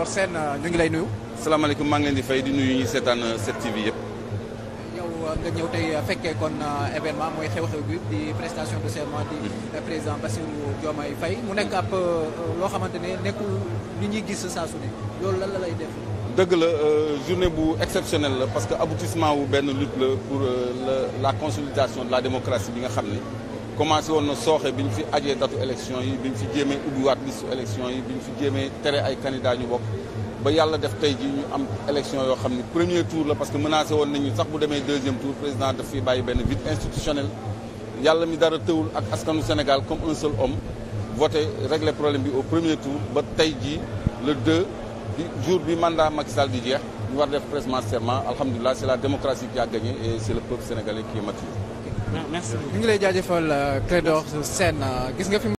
Mor Sène euh, ñu ngi lay nuyu. salaamaaleykum maa ngi leen di fay di nuyu ñi seetaan 7TV euh, yëpp. yow euh, nga ñëw tey fekkee kon événement mooy xew-xew bi di prestation de serment di mm-hmm. président Bassirou ay fay mu nekk ab loo xamante ne nekkul li ñuy gis saa su ne loolu la lay def. dëgg la journée bu exceptionnelle la parce que aboutissement wu benn lutte la pour la la consolidation de la démocratie bi nga xam ne. commencé woon na sooxee bi ñu fi ajee datu élection yi bi ñu fi jéemee ubbiwaat listu élection yi bi ñu fi jéemee tere ay candidat ñu bokk ba yàlla def tey ji ñu am élection yoo xam ne premier tour la parce que menacé woon nañu sax bu demee deuxième tour président daf fi bàyyi benn vide institutionnel yàlla mi dara tëwul ak askanu Sénégal comme un seul homme voté régler problème bi au premier tour ba tey jii le 2 jour bi mandat Macky Sall di jeex ñu war def presque serment alhamdulilah a gagné et c'est le peuple sénégalais qui est mature merci ñu ngi lay jaajëfal euh, Clédor Sène euh, gis nga fi.